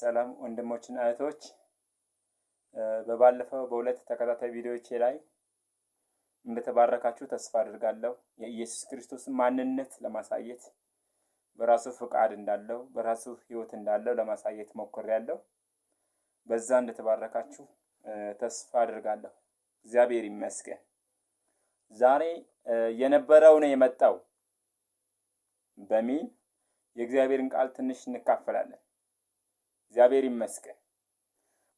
ሰላም ወንድሞችና እህቶች፣ በባለፈው በሁለት ተከታታይ ቪዲዮዎቼ ላይ እንደተባረካችሁ ተስፋ አድርጋለሁ። የኢየሱስ ክርስቶስን ማንነት ለማሳየት በራሱ ፍቃድ እንዳለው በራሱ ሕይወት እንዳለው ለማሳየት ሞክሬያለሁ። በዛ እንደተባረካችሁ ተስፋ አድርጋለሁ። እግዚአብሔር ይመስገን። ዛሬ የነበረው ነው የመጣው በሚል የእግዚአብሔርን ቃል ትንሽ እንካፈላለን። እግዚአብሔር ይመስገን።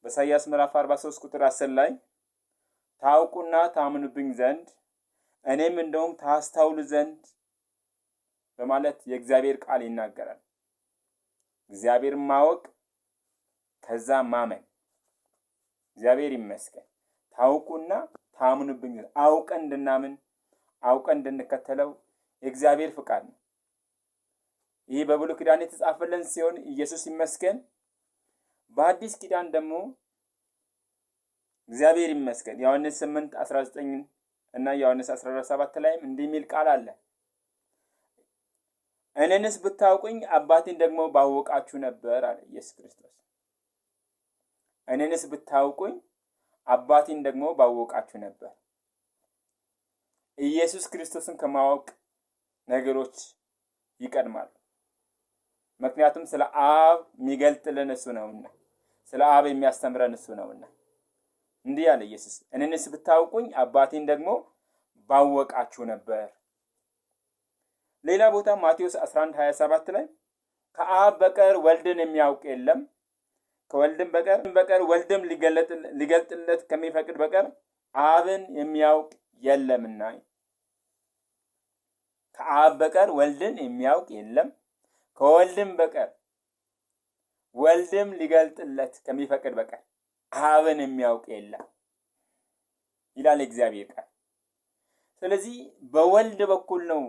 በኢሳይያስ ምዕራፍ 43 ቁጥር 10 ላይ ታውቁና ታምኑብኝ ዘንድ እኔም እንደውም ታስተውሉ ዘንድ በማለት የእግዚአብሔር ቃል ይናገራል። እግዚአብሔር ማወቅ ከዛ ማመን። እግዚአብሔር ይመስገን። ታውቁና ታምኑብኝ ዘንድ አውቀን እንድናምን አውቀን እንድንከተለው የእግዚአብሔር ፍቃድ ነው። ይህ በብሉይ ኪዳን የተጻፈልን ሲሆን ኢየሱስ ይመስገን በአዲስ ኪዳን ደግሞ እግዚአብሔር ይመስገን ዮሐንስ 8 19 እና ዮሐንስ 14 7 ላይም እንዲህ የሚል ቃል አለ። እኔንስ ብታውቁኝ አባቴን ደግሞ ባወቃችሁ ነበር አለ ኢየሱስ ክርስቶስ። እኔንስ ብታውቁኝ አባቴን ደግሞ ባወቃችሁ ነበር። ኢየሱስ ክርስቶስን ከማወቅ ነገሮች ይቀድማሉ። ምክንያቱም ስለ አብ የሚገልጥልን እሱ ነውና። ስለ አብ የሚያስተምረን እሱ ነውና እንዲህ ያለ ኢየሱስ እኔንስ ብታውቁኝ አባቴን ደግሞ ባወቃችሁ ነበር። ሌላ ቦታ ማቴዎስ 11 27 ላይ ከአብ በቀር ወልድን የሚያውቅ የለም ከወልድም በቀር በቀር ወልድም ሊገልጥለት ከሚፈቅድ በቀር አብን የሚያውቅ የለምና ከአብ በቀር ወልድን የሚያውቅ የለም ከወልድም በቀር ወልድም ሊገልጥለት ከሚፈቅድ በቀር አብን የሚያውቅ የለም ይላል እግዚአብሔር ቃል። ስለዚህ በወልድ በኩል ነው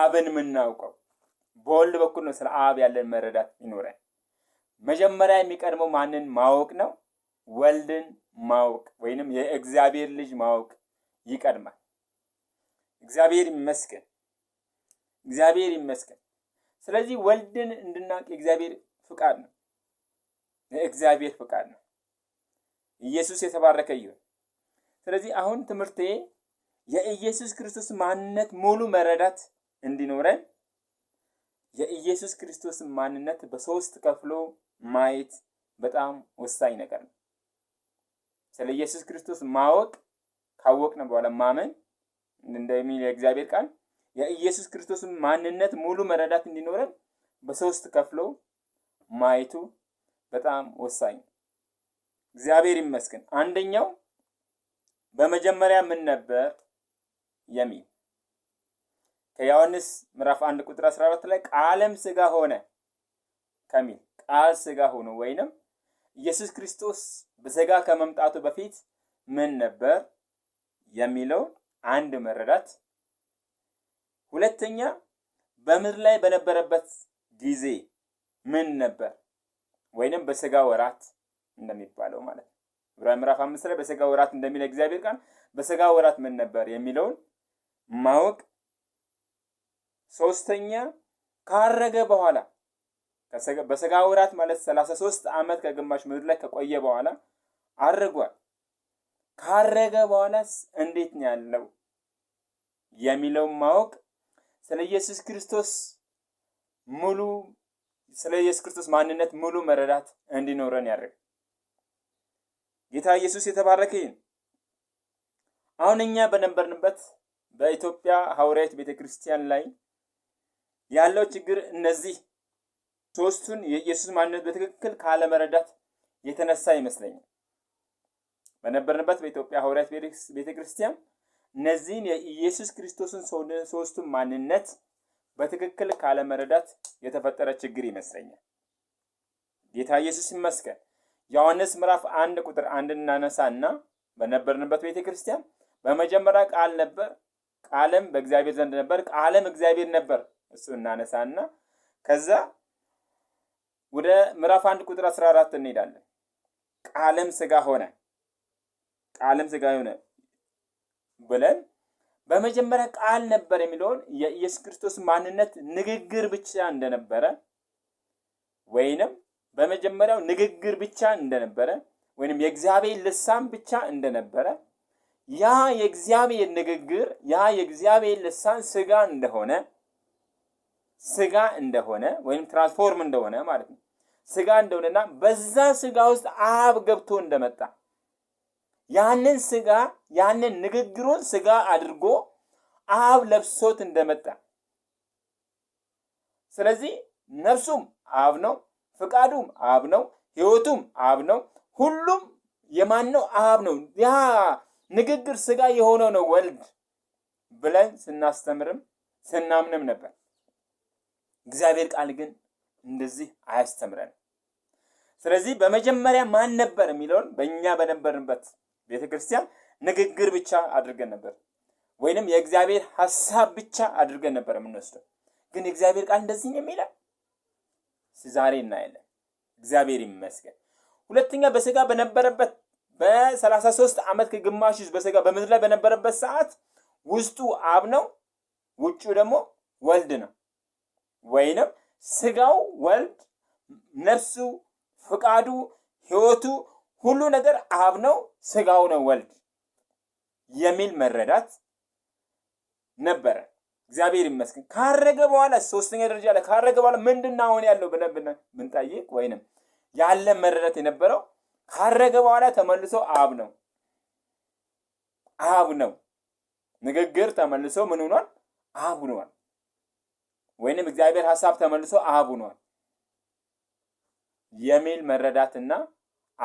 አብን የምናውቀው። በወልድ በኩል ነው ስለ አብ ያለን መረዳት ይኖረን። መጀመሪያ የሚቀድመው ማንን ማወቅ ነው? ወልድን ማወቅ ወይንም የእግዚአብሔር ልጅ ማወቅ ይቀድማል። እግዚአብሔር ይመስገን፣ እግዚአብሔር ይመስገን። ስለዚህ ወልድን እንድናውቅ የእግዚአብሔር ፍቃድ ነው፣ የእግዚአብሔር ፍቃድ ነው። ኢየሱስ የተባረከ ይሁን። ስለዚህ አሁን ትምህርቴ የኢየሱስ ክርስቶስ ማንነት ሙሉ መረዳት እንዲኖረን የኢየሱስ ክርስቶስ ማንነት በሶስት ከፍሎ ማየት በጣም ወሳኝ ነገር ነው። ስለ ኢየሱስ ክርስቶስ ማወቅ ካወቅን በኋላ ማመን እንደሚል የእግዚአብሔር ቃል የኢየሱስ ክርስቶስን ማንነት ሙሉ መረዳት እንዲኖረን በሶስት ከፍሎ ማየቱ በጣም ወሳኝ ነው። እግዚአብሔር ይመስገን። አንደኛው በመጀመሪያ ምን ነበር የሚል ከዮሐንስ ምዕራፍ 1 ቁጥር 14 ላይ ቃለም ስጋ ሆነ ከሚል ቃል ስጋ ሆኖ ወይንም ኢየሱስ ክርስቶስ በስጋ ከመምጣቱ በፊት ምን ነበር የሚለው አንድ መረዳት። ሁለተኛ በምድር ላይ በነበረበት ጊዜ ምን ነበር ወይንም በስጋ ወራት እንደሚባለው ማለት ነው። ዕብራውያን ምዕራፍ አምስት ላይ በስጋ ወራት እንደሚለ እግዚአብሔር ቃል በስጋ ወራት ምን ነበር የሚለውን ማወቅ ሶስተኛ ካረገ በኋላ በስጋ ወራት ማለት ሰላሳ ሶስት ዓመት ከግማሽ ምድር ላይ ከቆየ በኋላ አርጓል። ካረገ በኋላስ እንዴት ነው ያለው የሚለውን ማወቅ ስለ ኢየሱስ ክርስቶስ ሙሉ ስለ ኢየሱስ ክርስቶስ ማንነት ሙሉ መረዳት እንዲኖረን ያደርግ። ጌታ ኢየሱስ የተባረከ ይሁን። አሁን እኛ በነበርንበት በኢትዮጵያ ሐዋርያት ቤተ ክርስቲያን ላይ ያለው ችግር እነዚህ ሶስቱን የኢየሱስ ማንነት በትክክል ካለመረዳት የተነሳ ይመስለኛል። በነበርንበት በኢትዮጵያ ሐዋርያት ቤተ ክርስቲያን እነዚህን የኢየሱስ ክርስቶስን ሶስቱን ማንነት በትክክል ካለመረዳት የተፈጠረ ችግር ይመስለኛል። ጌታ ኢየሱስ ይመስገን። ዮሐንስ ምዕራፍ አንድ ቁጥር አንድ እናነሳና በነበርንበት ቤተ ክርስቲያን በመጀመሪያ ቃል ነበር፣ ቃልም በእግዚአብሔር ዘንድ ነበር፣ ቃልም እግዚአብሔር ነበር። እሱ እናነሳና ከዛ ወደ ምዕራፍ አንድ ቁጥር 14 እንሄዳለን። ቃልም ስጋ ሆነ ቃልም ስጋ ሆነ ብለን በመጀመሪያ ቃል ነበር የሚለውን የኢየሱስ ክርስቶስ ማንነት ንግግር ብቻ እንደነበረ ወይንም በመጀመሪያው ንግግር ብቻ እንደነበረ ወይንም የእግዚአብሔር ልሳን ብቻ እንደነበረ ያ የእግዚአብሔር ንግግር ያ የእግዚአብሔር ልሳን ስጋ እንደሆነ ስጋ እንደሆነ ወይም ትራንስፎርም እንደሆነ ማለት ነው። ስጋ እንደሆነና በዛ ስጋ ውስጥ አብ ገብቶ እንደመጣ ያንን ስጋ ያንን ንግግሩን ስጋ አድርጎ አብ ለብሶት እንደመጣ ስለዚህ ነፍሱም አብ ነው፣ ፍቃዱም አብ ነው፣ ህይወቱም አብ ነው። ሁሉም የማን ነው? አብ ነው። ያ ንግግር ስጋ የሆነው ነው ወልድ ብለን ስናስተምርም ስናምንም ነበር። እግዚአብሔር ቃል ግን እንደዚህ አያስተምረን። ስለዚህ በመጀመሪያ ማን ነበር የሚለውን በእኛ በነበርንበት ቤተ ክርስቲያን ንግግር ብቻ አድርገን ነበር፣ ወይንም የእግዚአብሔር ሀሳብ ብቻ አድርገን ነበር የምንወስደው። ግን የእግዚአብሔር ቃል እንደዚህ ነው የሚለው ዛሬ እናያለን። እግዚአብሔር ይመስገን። ሁለተኛ በስጋ በነበረበት በ33 ዓመት ከግማሽ በስጋ በምድር ላይ በነበረበት ሰዓት ውስጡ አብ ነው፣ ውጩ ደግሞ ወልድ ነው። ወይንም ስጋው ወልድ፣ ነፍሱ፣ ፍቃዱ፣ ህይወቱ ሁሉ ነገር አብ ነው፣ ስጋው ነው ወልድ የሚል መረዳት ነበረ። እግዚአብሔር ይመስገን። ካረገ በኋላ ሶስተኛ ደረጃ ላይ ካረገ በኋላ ምንድና አሁን ያለው ብለን ብንጠይቅ ወይንም ያለ መረዳት የነበረው ካረገ በኋላ ተመልሶ አብ ነው አብ ነው ንግግር ተመልሶ ምን ሆኗል? አብ ሆኗል። ወይንም እግዚአብሔር ሀሳብ ተመልሶ አብ ሆኗል የሚል መረዳትና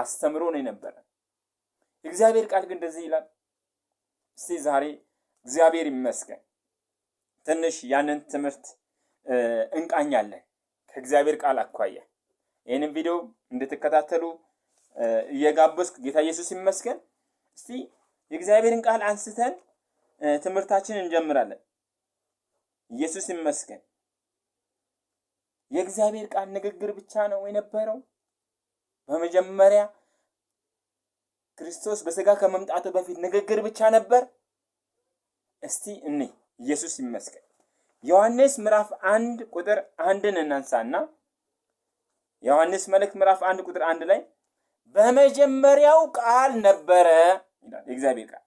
አስተምሮ ነው የነበረ። እግዚአብሔር ቃል ግን እንደዚህ ይላል። እስቲ ዛሬ እግዚአብሔር ይመስገን ትንሽ ያንን ትምህርት እንቃኛለን ከእግዚአብሔር ቃል አኳያ። ይህንም ቪዲዮ እንድትከታተሉ እየጋበዝኩ ጌታ ኢየሱስ ይመስገን። እስቲ የእግዚአብሔርን ቃል አንስተን ትምህርታችንን እንጀምራለን። ኢየሱስ ይመስገን። የእግዚአብሔር ቃል ንግግር ብቻ ነው የነበረው? በመጀመሪያ ክርስቶስ በሥጋ ከመምጣቱ በፊት ንግግር ብቻ ነበር። እስቲ እኔ ኢየሱስ ይመስገን። ዮሐንስ ምዕራፍ አንድ ቁጥር አንድን እናንሳና ዮሐንስ መልእክት ምዕራፍ አንድ ቁጥር አንድ ላይ በመጀመሪያው ቃል ነበረ ይላል የእግዚአብሔር ቃል።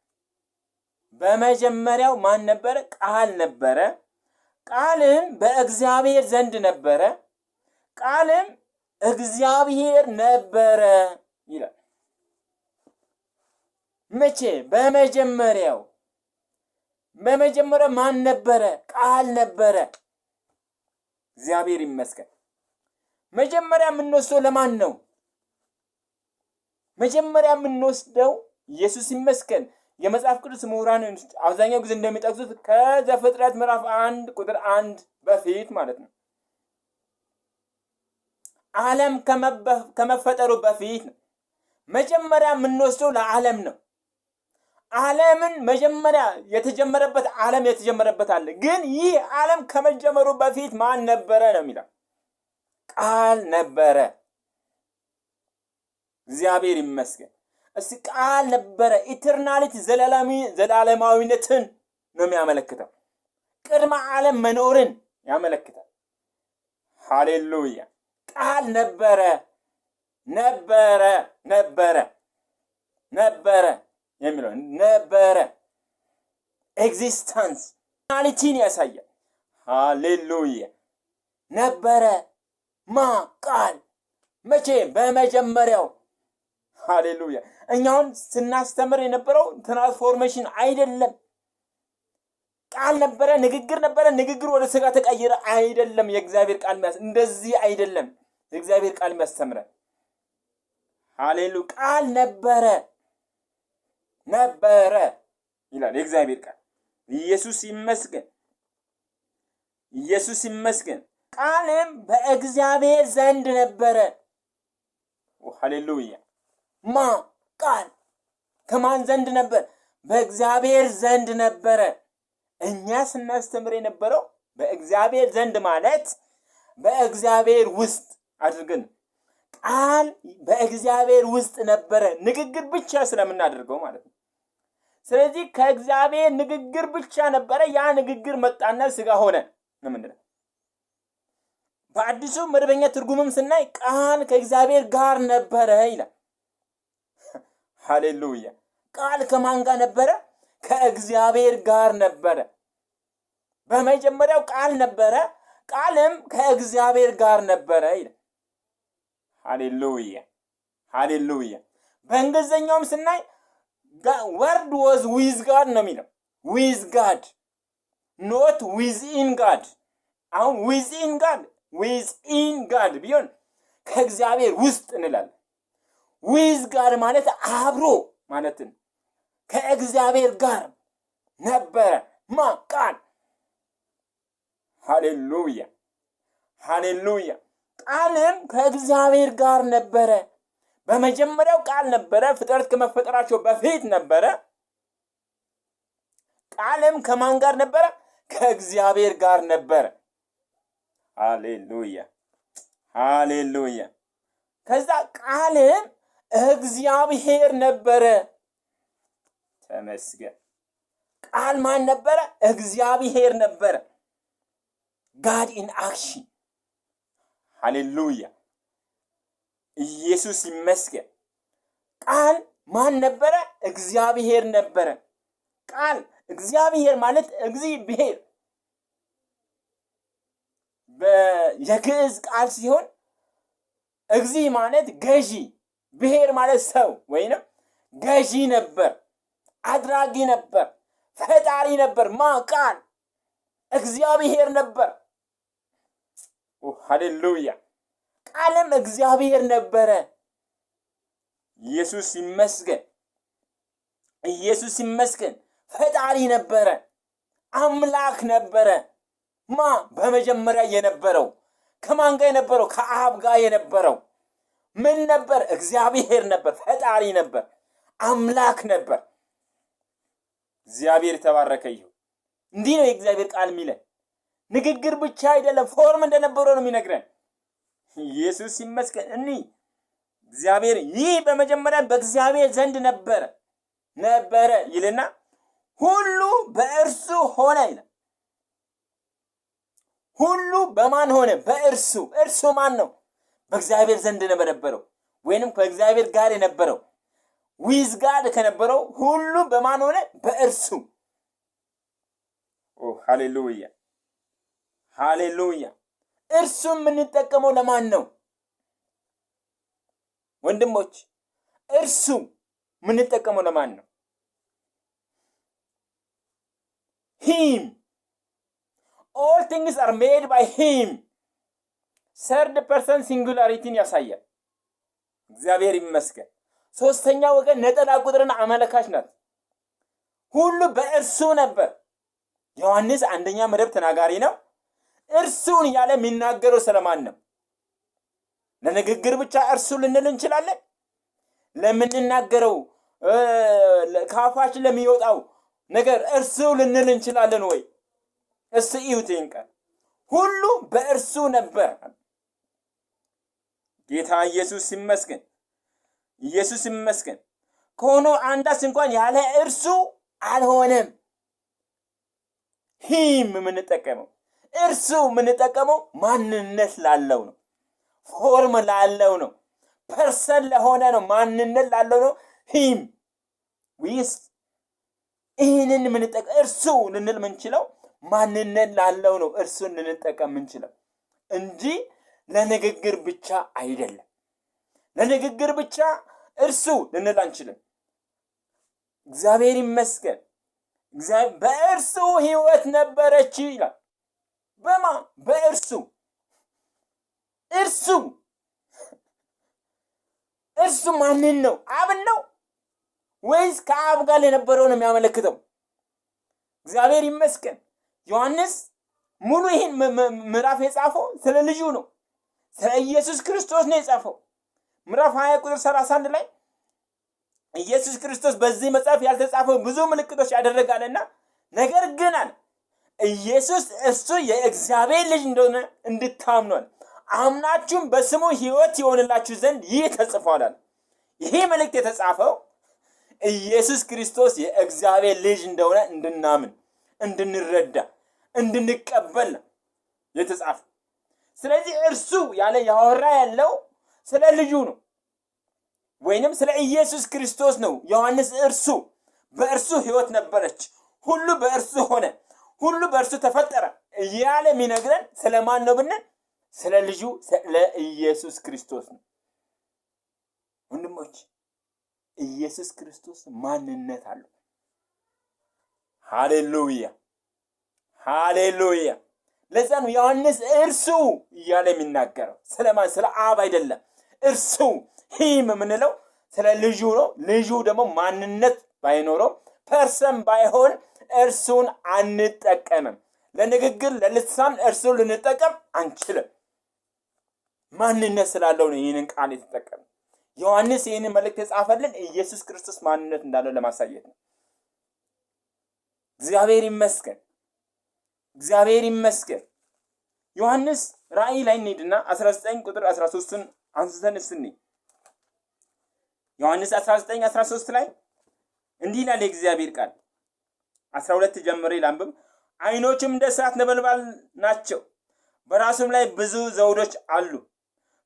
በመጀመሪያው ማን ነበረ? ቃል ነበረ። ቃልም በእግዚአብሔር ዘንድ ነበረ። ቃልም እግዚአብሔር ነበረ ይላል። መቼ? በመጀመሪያው በመጀመሪያ ማን ነበረ? ቃል ነበረ። እግዚአብሔር ይመስገን። መጀመሪያ የምንወስደው ለማን ነው? መጀመሪያ የምንወስደው ኢየሱስ ይመስገን። የመጽሐፍ ቅዱስ ምሁራን አብዛኛው ጊዜ እንደሚጠቅሱት ከዘፍጥረት ምዕራፍ አንድ ቁጥር አንድ በፊት ማለት ነው ዓለም ከመፈጠሩ በፊት መጀመሪያ የምንወስደው ለዓለም ነው። ዓለምን መጀመሪያ የተጀመረበት ዓለም የተጀመረበት አለ። ግን ይህ ዓለም ከመጀመሩ በፊት ማን ነበረ ነው የሚለው ቃል ነበረ። እግዚአብሔር ይመስገን። እስቲ ቃል ነበረ። ኢተርናሊቲ ዘላለማዊነትን ነው የሚያመለክተው። ቅድመ ዓለም መኖርን ያመለክታል። ሃሌሉያ ቃል ነበረ ነበረ ነበረ ነበረ የሚለው ነበረ ኤግዚስተንስ ናሊቲን ያሳያል። ሃሌሉያ ነበረ ማ ቃል መቼ? በመጀመሪያው ሃሌሉያ። እኛውን ስናስተምር የነበረው ትራንስፎርሜሽን አይደለም። ቃል ነበረ፣ ንግግር ነበረ፣ ንግግር ወደ ስጋ ተቀየረ አይደለም። የእግዚአብሔር ቃል መያዝ እንደዚህ አይደለም። የእግዚአብሔር ቃል የሚያስተምረን ሃሌሉ ቃል ነበረ ነበረ ይላል የእግዚአብሔር ቃል። ኢየሱስ ይመስገን፣ ኢየሱስ ይመስገን። ቃልም በእግዚአብሔር ዘንድ ነበረ። ሃሌሉያ። ማ ቃል ከማን ዘንድ ነበር? በእግዚአብሔር ዘንድ ነበረ። እኛ ስናስተምር የነበረው በእግዚአብሔር ዘንድ ማለት በእግዚአብሔር ውስጥ አድርገን ቃል በእግዚአብሔር ውስጥ ነበረ። ንግግር ብቻ ስለምናደርገው ማለት ነው። ስለዚህ ከእግዚአብሔር ንግግር ብቻ ነበረ። ያ ንግግር መጣና ስጋ ሆነ ነው የምንለው። በአዲሱ መደበኛ ትርጉምም ስናይ ቃል ከእግዚአብሔር ጋር ነበረ ይላል። ሃሌሉያ! ቃል ከማን ጋር ነበረ? ከእግዚአብሔር ጋር ነበረ። በመጀመሪያው ቃል ነበረ፣ ቃልም ከእግዚአብሔር ጋር ነበረ ይላል። ሃሌሉያ ሃሌሉያ። በእንግሊዝኛውም ስናይ ወርድ ወዝ ዊዝ ጋድ ነው የሚለው ዊዝ ጋድ ኖት ዊዝ ኢን ጋድ። አሁን ዊዝ ኢን ጋድ ዊዝ ኢን ጋድ ቢሆን ከእግዚአብሔር ውስጥ እንላለን። ዊዝ ጋድ ማለት አብሮ ማለት ከእግዚአብሔር ጋር ነበረ ማ ሃሌሉያ ሃሌሉያ ቃልም ከእግዚአብሔር ጋር ነበረ። በመጀመሪያው ቃል ነበረ፣ ፍጥረት ከመፈጠራቸው በፊት ነበረ። ቃልም ከማን ጋር ነበረ? ከእግዚአብሔር ጋር ነበረ። ሃሌሉያ ሃሌሉያ። ከዛ ቃልም እግዚአብሔር ነበረ። ተመስገን። ቃል ማን ነበረ? እግዚአብሔር ነበረ። ጋድ ኢን አክሽን ሃሌሉያ ኢየሱስ ይመስገን። ቃል ማን ነበረ? እግዚአብሔር ነበረ። ቃል እግዚአብሔር ማለት እግዚአብሔር የግዕዝ ቃል ሲሆን እግዚ ማለት ገዢ፣ ብሔር ማለት ሰው ወይንም ገዢ ነበር፣ አድራጊ ነበር፣ ፈጣሪ ነበር። ማ ቃል እግዚአብሔር ነበር። ሃሌሉያ። ቃልም እግዚአብሔር ነበረ። ኢየሱስ ይመስገን፣ ኢየሱስ ይመስገን። ፈጣሪ ነበረ፣ አምላክ ነበረ። ማ በመጀመሪያ የነበረው ከማን ጋር የነበረው? ከአብ ጋር የነበረው ምን ነበር? እግዚአብሔር ነበር፣ ፈጣሪ ነበር፣ አምላክ ነበር። እግዚአብሔር የተባረከ ይሁን። እንዲህ ነው የእግዚአብሔር ቃል የሚለን ንግግር ብቻ አይደለም፣ ፎርም እንደነበረው ነው የሚነግረን። ኢየሱስ ይመስገን። እኒ እግዚአብሔር ይህ በመጀመሪያ በእግዚአብሔር ዘንድ ነበረ ነበረ ይልና ሁሉ በእርሱ ሆነ ይላል። ሁሉ በማን ሆነ? በእርሱ። እርሱ ማን ነው? በእግዚአብሔር ዘንድ በነበረው ወይንም ከእግዚአብሔር ጋር የነበረው ዊዝ ጋር ከነበረው ሁሉ በማን ሆነ? በእርሱ። ሃሌሉያ ሃሌሉያ። እርሱም የምንጠቀመው ለማን ነው? ወንድሞች እርሱ የምንጠቀመው ለማን ነው? ሂም ኦል ቲንግስ አር ሜድ ባይ ሂም ሰርድ ፐርሰን ሲንጉላሪቲን ያሳያል። እግዚአብሔር ይመስገን። ሶስተኛ ወገን ነጠላ ቁጥርን አመለካች ናት። ሁሉ በእርሱ ነበር። ዮሐንስ አንደኛ መደብ ተናጋሪ ነው። እርሱን እያለ የሚናገረው ስለማን ነው? ለንግግር ብቻ እርሱ ልንል እንችላለን? ለምንናገረው ከአፋችን ለሚወጣው ነገር እርሱ ልንል እንችላለን ወይ? እስ እዩት ሁሉ በእርሱ ነበር። ጌታ ኢየሱስ ይመስገን፣ ኢየሱስ ይመስገን። ከሆኖ አንዳስ እንኳን ያለ እርሱ አልሆነም። ሂም የምንጠቀመው እርሱ የምንጠቀመው ማንነት ላለው ነው። ፎርም ላለው ነው። ፐርሰን ለሆነ ነው። ማንነት ላለው ነው። ሂም ዊስ ይህንን የምንጠቀም እርሱ ልንል የምንችለው ማንነት ላለው ነው። እርሱን ልንጠቀም የምንችለው እንጂ ለንግግር ብቻ አይደለም። ለንግግር ብቻ እርሱ ልንል አንችልም። እግዚአብሔር ይመስገን በእርሱ ህይወት ነበረች ይላል በማ በእርሱ እርሱ እርሱ ማንን ነው? አብን ነው ወይስ ከአብ ጋር ለነበረው ነው የሚያመለክተው? እግዚአብሔር ይመስገን። ዮሐንስ ሙሉ ይህን ምዕራፍ የጻፈው ስለ ልጁ ነው፣ ስለ ኢየሱስ ክርስቶስ ነው የጻፈው። ምዕራፍ 20 ቁጥር 31 ላይ ኢየሱስ ክርስቶስ በዚህ መጽሐፍ ያልተጻፈው ብዙ ምልክቶች ያደረጋልና ነገር ግን አለ ኢየሱስ እሱ የእግዚአብሔር ልጅ እንደሆነ እንድታምኗል አምናችሁም በስሙ ህይወት የሆንላችሁ ዘንድ ይህ ተጽፏላል። ይሄ መልእክት የተጻፈው ኢየሱስ ክርስቶስ የእግዚአብሔር ልጅ እንደሆነ እንድናምን፣ እንድንረዳ፣ እንድንቀበል የተጻፈ። ስለዚህ እርሱ ያለ ያወራ ያለው ስለ ልጁ ነው፣ ወይንም ስለ ኢየሱስ ክርስቶስ ነው። ዮሐንስ እርሱ በእርሱ ህይወት ነበረች፣ ሁሉ በእርሱ ሆነ ሁሉ በእርሱ ተፈጠረ እያለ የሚነግረን ማን ነው ብንል ስለ ልጁ ለኢየሱስ ክርስቶስ ነው። ወንድሞች ኢየሱስ ክርስቶስ ማንነት አለው። ሃሌሉያ ሃሌሉያ። ለዛ ነው ዮሐንስ እርሱ እያለ የሚናገረው ስለማን? ስለ አብ አይደለም። እርሱ ሂም የምንለው ስለ ልጁ ነው። ልጁ ደግሞ ማንነት ባይኖረው ፐርሰን ባይሆን እርሱን አንጠቀምም። ለንግግር ለልሳን እርሱን ልንጠቀም አንችልም። ማንነት ስላለው ነው ይህንን ቃል የተጠቀመ። ዮሐንስ ይህንን መልእክት የጻፈልን ኢየሱስ ክርስቶስ ማንነት እንዳለው ለማሳየት ነው። እግዚአብሔር ይመስገን፣ እግዚአብሔር ይመስገን። ዮሐንስ ራእይ ላይ እንሂድና 19 ቁጥር 13ን አንስተን እስኒ ዮሐንስ 19 13 ላይ እንዲህ ይላል የእግዚአብሔር ቃል አስራ ሁለት ጀምሮ ላንብብ። አይኖቹም እንደ እሳት ነበልባል ናቸው፣ በራሱም ላይ ብዙ ዘውዶች አሉ፣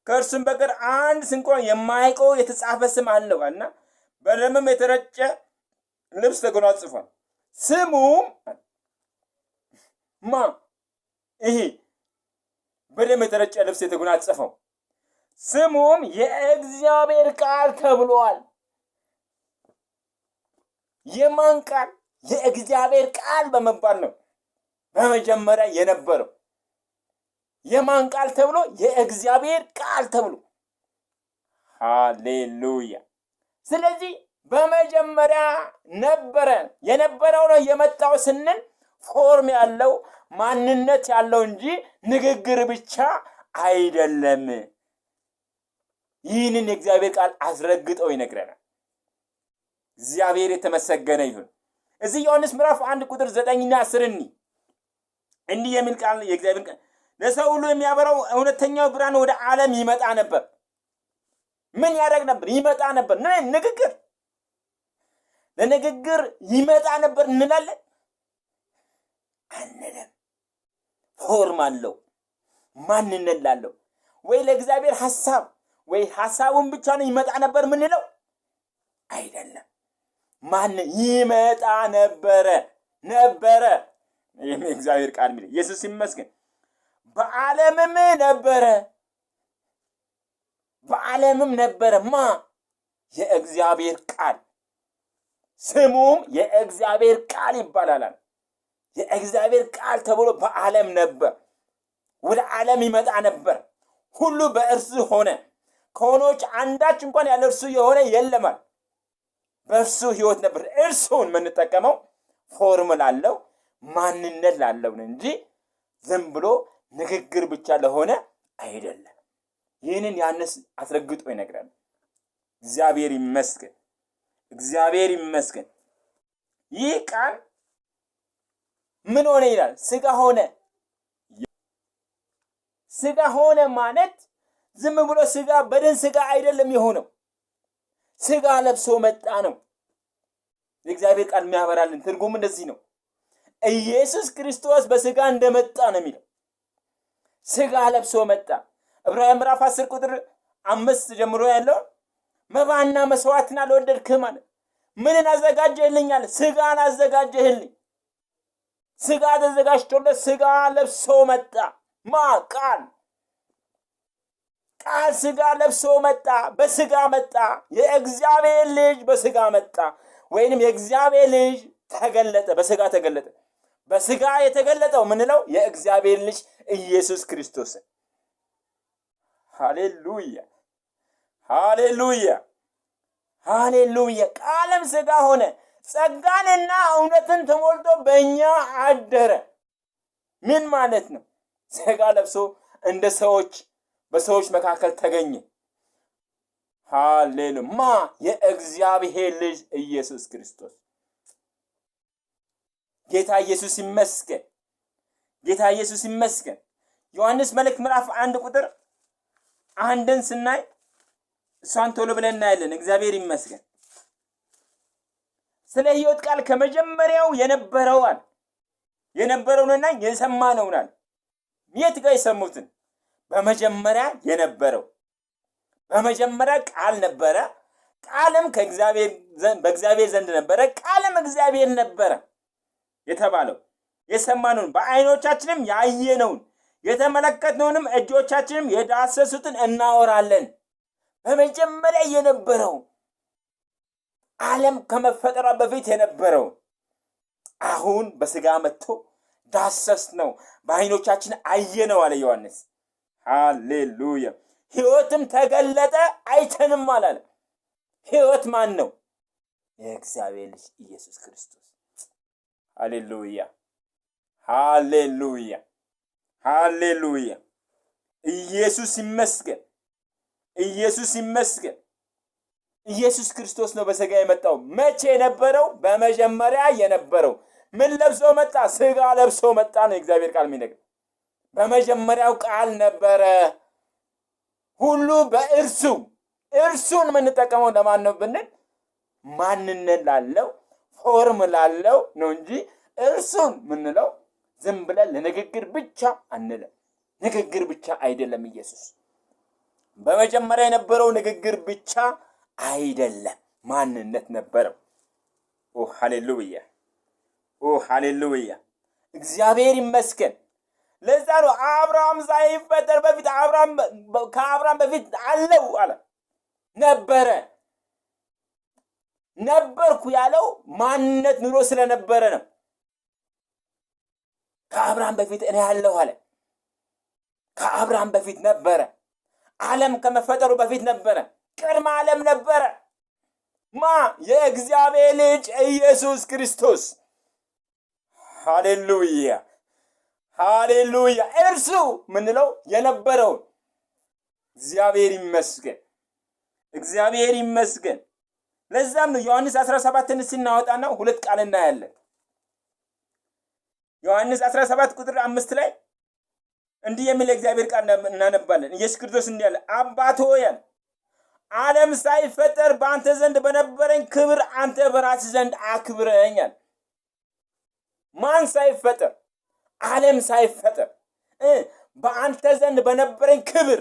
ከእርሱም በቀር አንድ ስንኳ የማይቀው የተጻፈ ስም አለው እና በደምም የተረጨ ልብስ ተጎናጽፏል። ስሙም ማ ይሄ በደም የተረጨ ልብስ የተጎናጸፈው ስሙም የእግዚአብሔር ቃል ተብሏል። የማን ቃል? የእግዚአብሔር ቃል በመባል ነው በመጀመሪያ የነበረው። የማን ቃል ተብሎ? የእግዚአብሔር ቃል ተብሎ። ሃሌሉያ። ስለዚህ በመጀመሪያ ነበረ። የነበረው ነው የመጣው ስንል ፎርም ያለው ማንነት ያለው እንጂ ንግግር ብቻ አይደለም። ይህንን የእግዚአብሔር ቃል አስረግጠው ይነግረናል። እግዚአብሔር የተመሰገነ ይሁን። እዚህ ዮሐንስ ምዕራፍ አንድ ቁጥር ዘጠኝና አስር እኒ እንዲህ የሚል ቃል የእግዚአብሔር ቃል ለሰው ሁሉ የሚያበራው እውነተኛው ብርሃን ወደ ዓለም ይመጣ ነበር። ምን ያደረግ ነበር? ይመጣ ነበር። ንግግር ለንግግር ይመጣ ነበር እንላለን አንለም። ፎርም አለው ማንነት ላለው ወይ ለእግዚአብሔር ሐሳብ ወይ ሐሳቡን ብቻ ነው ይመጣ ነበር ምንለው አይደለም። ማን ይመጣ ነበረ ነበረ የእግዚአብሔር ቃል ሚ ኢየሱስ ይመስገን። በዓለምም ነበረ በዓለምም ነበረ ማ የእግዚአብሔር ቃል ስሙም የእግዚአብሔር ቃል ይባላል። የእግዚአብሔር ቃል ተብሎ በዓለም ነበር፣ ወደ ዓለም ይመጣ ነበር። ሁሉ በእርሱ ሆነ፣ ከሆኖች አንዳች እንኳን ያለ እርሱ የሆነ የለማል። በሱ ህይወት ነበር። እርሱን የምንጠቀመው ፎርም ላለው ማንነት ላለው እንጂ ዝም ብሎ ንግግር ብቻ ለሆነ አይደለም። ይህንን ያነስ አስረግጦ ይነግራል። እግዚአብሔር ይመስገን፣ እግዚአብሔር ይመስገን። ይህ ቃል ምን ሆነ ይላል? ስጋ ሆነ። ስጋ ሆነ ማለት ዝም ብሎ ስጋ በደን ስጋ አይደለም የሆነው ስጋ ለብሶ መጣ ነው። የእግዚአብሔር ቃል የሚያበራልን ትርጉም እንደዚህ ነው። ኢየሱስ ክርስቶስ በስጋ እንደመጣ ነው የሚለው። ስጋ ለብሶ መጣ። ዕብራውያን ምዕራፍ አስር ቁጥር አምስት ጀምሮ ያለውን መባና መስዋዕትን አልወደድክም አለ። ምንን አዘጋጀህልኝ ስጋን አዘጋጀህልኝ። ስጋ ተዘጋጅቶለት ስጋ ለብሶ መጣ። ማ ቃል ቃል ስጋ ለብሶ መጣ፣ በስጋ መጣ። የእግዚአብሔር ልጅ በስጋ መጣ፣ ወይንም የእግዚአብሔር ልጅ ተገለጠ፣ በስጋ ተገለጠ። በስጋ የተገለጠው ምንለው የእግዚአብሔር ልጅ ኢየሱስ ክርስቶስ ሃሌሉያ ሃሌሉያ ሃሌሉያ። ቃለም ስጋ ሆነ ጸጋንና እውነትን ተሞልቶ በእኛ አደረ። ምን ማለት ነው? ስጋ ለብሶ እንደ ሰዎች በሰዎች መካከል ተገኘ። ሃሌሉ ማ የእግዚአብሔር ልጅ ኢየሱስ ክርስቶስ። ጌታ ኢየሱስ ይመስገን። ጌታ ኢየሱስ ይመስገን። ዮሐንስ መልእክት ምዕራፍ አንድ ቁጥር አንድን ስናይ እሷን ቶሎ ብለን እናያለን። እግዚአብሔር ይመስገን። ስለ ሕይወት ቃል ከመጀመሪያው አለ የነበረውንና የሰማነውናል የት ጋር የሰሙትን በመጀመሪያ የነበረው በመጀመሪያ ቃል ነበረ፣ ቃልም በእግዚአብሔር ዘንድ ነበረ፣ ቃልም እግዚአብሔር ነበረ የተባለው የሰማነውን በዓይኖቻችንም ያየነውን የተመለከትነውንም እጆቻችንም የዳሰሱትን እናወራለን። በመጀመሪያ የነበረው ዓለም ከመፈጠሯ በፊት የነበረው አሁን በስጋ መጥቶ ዳሰስ ነው፣ በዓይኖቻችን አየነው አለ ዮሐንስ። ሃሌሉያ። ሕይወትም ተገለጠ አይተንም አላለ። ሕይወት ማን ነው? የእግዚአብሔር ልጅ ኢየሱስ ክርስቶስ። ሃሌሉያ ሃሌሉያ ሃሌሉያ። ኢየሱስ ይመስገን፣ ኢየሱስ ይመስገን። ኢየሱስ ክርስቶስ ነው በስጋ የመጣው። መቼ የነበረው? በመጀመሪያ የነበረው። ምን ለብሶ መጣ? ስጋ ለብሶ መጣ ነው የእግዚአብሔር ቃል የሚነግር በመጀመሪያው ቃል ነበረ፣ ሁሉ በእርሱ እርሱን የምንጠቀመው ለማን ነው ብንል ማንነት ላለው ፎርም ላለው ነው እንጂ እርሱን የምንለው ዝም ብለን ለንግግር ብቻ አንለም። ንግግር ብቻ አይደለም። ኢየሱስ በመጀመሪያ የነበረው ንግግር ብቻ አይደለም፣ ማንነት ነበረው። ኦ ሃሌሉያ! ኦ ሃሌሉያ! እግዚአብሔር ይመስገን። ለዛ ነው አብርሃም ሳይፈጠር በፊት ከአብርሃም በፊት አለው አለ ነበረ ነበርኩ ያለው ማንነት ኑሮ ስለነበረ ነው። ከአብርሃም በፊት እኔ ያለው አለ። ከአብርሃም በፊት ነበረ። ዓለም ከመፈጠሩ በፊት ነበረ። ቅድመ ዓለም ነበረ። ማ የእግዚአብሔር ልጅ ኢየሱስ ክርስቶስ። ሃሌሉያ ሃሌሉያ እርሱ ምንለው የነበረውን እግዚአብሔር ይመስገን፣ እግዚአብሔር ይመስገን። ለዛም ነው ዮሐንስ 17ን ስናወጣና ሁለት ቃል እናያለን። ዮሐንስ 17 ቁጥር አምስት ላይ እንዲህ የሚል እግዚአብሔር ቃል እናነባለን። ኢየሱስ ክርስቶስ እንዲህ አለ፣ አባት ሆይ ዓለም ሳይፈጠር በአንተ ዘንድ በነበረኝ ክብር አንተ በራስ ዘንድ አክብረኛል። ማን ሳይፈጠር ዓለም ሳይፈጠር በአንተ ዘንድ በነበረኝ ክብር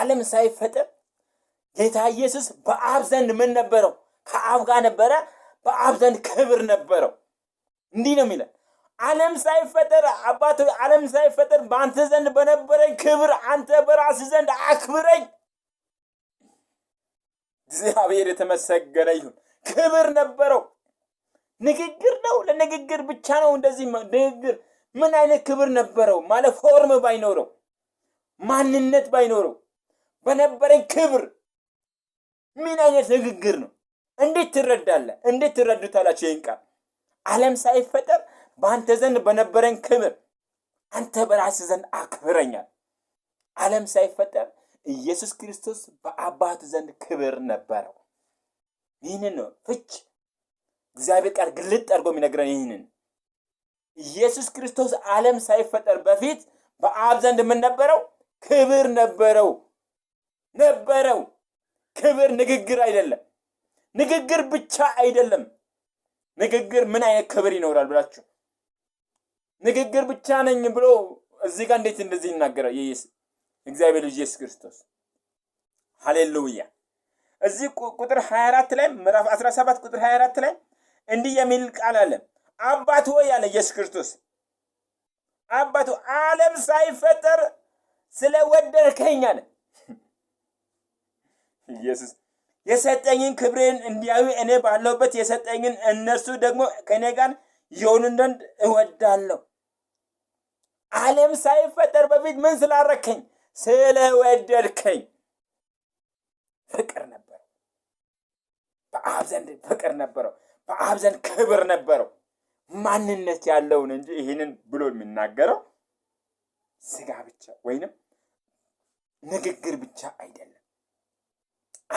ዓለም ሳይፈጠር ጌታ ኢየሱስ በአብ ዘንድ ምን ነበረው? ከአብ ጋር ነበረ። በአብ ዘንድ ክብር ነበረው። እንዲህ ነው የሚለን ዓለም ሳይፈጠር አባት ዓለም ሳይፈጠር በአንተ ዘንድ በነበረኝ ክብር አንተ በራስ ዘንድ አክብረኝ። እግዚአብሔር የተመሰገነ ይሁን። ክብር ነበረው። ንግግር ነው። ለንግግር ብቻ ነው እንደዚህ ንግግር ምን አይነት ክብር ነበረው ማለት ፎርም ባይኖረው ማንነት ባይኖረው በነበረኝ ክብር ምን አይነት ንግግር ነው? እንዴት ትረዳለ? እንዴት ትረዱታላችሁ? ይህን ቃል ዓለም ሳይፈጠር በአንተ ዘንድ በነበረን ክብር አንተ በራስ ዘንድ አክብረኛል። ዓለም ሳይፈጠር ኢየሱስ ክርስቶስ በአባት ዘንድ ክብር ነበረው። ይህንን ነው ፍች እግዚአብሔር ቃል ግልጥ አድርጎ የሚነግረን ይህንን ኢየሱስ ክርስቶስ ዓለም ሳይፈጠር በፊት በአብ ዘንድ ምን ነበረው? ክብር ነበረው ነበረው። ክብር ንግግር አይደለም። ንግግር ብቻ አይደለም። ንግግር ምን አይነት ክብር ይኖራል ብላችሁ ንግግር ብቻ ነኝ ብሎ እዚህ ጋር እንዴት እንደዚህ ይናገራል? እግዚአብሔር ልጅ ኢየሱስ ክርስቶስ ሃሌሉያ። እዚህ ቁጥር 24 ላይ ምዕራፍ 17 ቁጥር 24 ላይ እንዲህ የሚል ቃል አለን አባቱ ሆይ ያለ ኢየሱስ ክርስቶስ አባቱ ዓለም ሳይፈጠር ስለወደድከኝ አለ ኢየሱስ የሰጠኝን ክብሬን እንዲያዩ እኔ ባለሁበት የሰጠኝን እነርሱ ደግሞ ከእኔ ጋር የሆኑ ዘንድ እወዳለሁ። ዓለም ሳይፈጠር በፊት ምን ስላረከኝ? ስለወደድከኝ። ፍቅር ነበረው። በአብ ዘንድ ፍቅር ነበረው። በአብ ዘንድ ክብር ነበረው። ማንነት ያለውን እንጂ ይህንን ብሎ የሚናገረው ስጋ ብቻ ወይንም ንግግር ብቻ አይደለም።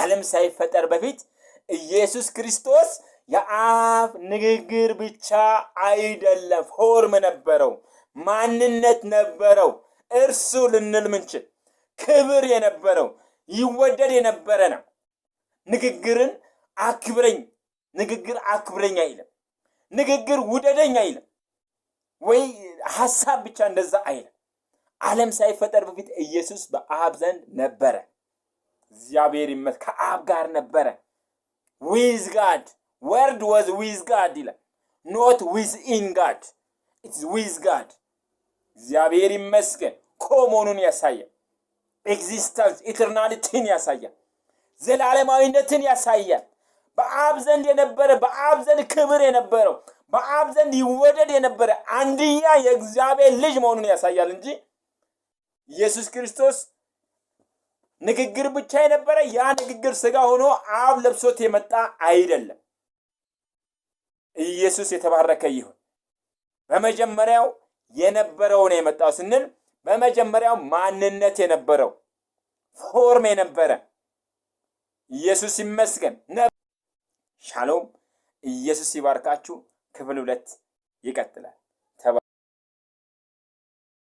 ዓለም ሳይፈጠር በፊት ኢየሱስ ክርስቶስ የአፍ ንግግር ብቻ አይደለም፣ ፎርም ነበረው፣ ማንነት ነበረው። እርሱ ልንል ምንችል ክብር የነበረው ይወደድ የነበረ ነው። ንግግርን አክብረኝ፣ ንግግር አክብረኝ አይልም። ንግግር ውደደኝ አይልም ወይ ሀሳብ ብቻ እንደዛ አይልም። ዓለም ሳይፈጠር በፊት ኢየሱስ በአብ ዘንድ ነበረ። እግዚአብሔር ይመስ ከአብ ጋር ነበረ። ዊዝ ጋድ ወርድ ወዝ ዊዝ ጋድ ይላል። ኖት ዊዝ ኢን ጋድ ኢትስ ዊዝ ጋድ። እግዚአብሔር ይመስገን ኮሞኑን ያሳያል። ኤግዚስተንስ ኢተርናሊቲን ያሳያል። ዘላለማዊነትን ያሳያል። በአብ ዘንድ የነበረ በአብ ዘንድ ክብር የነበረው በአብ ዘንድ ይወደድ የነበረ አንድያ የእግዚአብሔር ልጅ መሆኑን ያሳያል እንጂ ኢየሱስ ክርስቶስ ንግግር ብቻ የነበረ ያ ንግግር ስጋ ሆኖ አብ ለብሶት የመጣ አይደለም። ኢየሱስ የተባረከ ይሁን። በመጀመሪያው የነበረው ነው የመጣው ስንል በመጀመሪያው ማንነት የነበረው ፎርም የነበረ ኢየሱስ ይመስገን። ሻሎም። ኢየሱስ ይባርካችሁ። ክፍል ሁለት ይቀጥላል።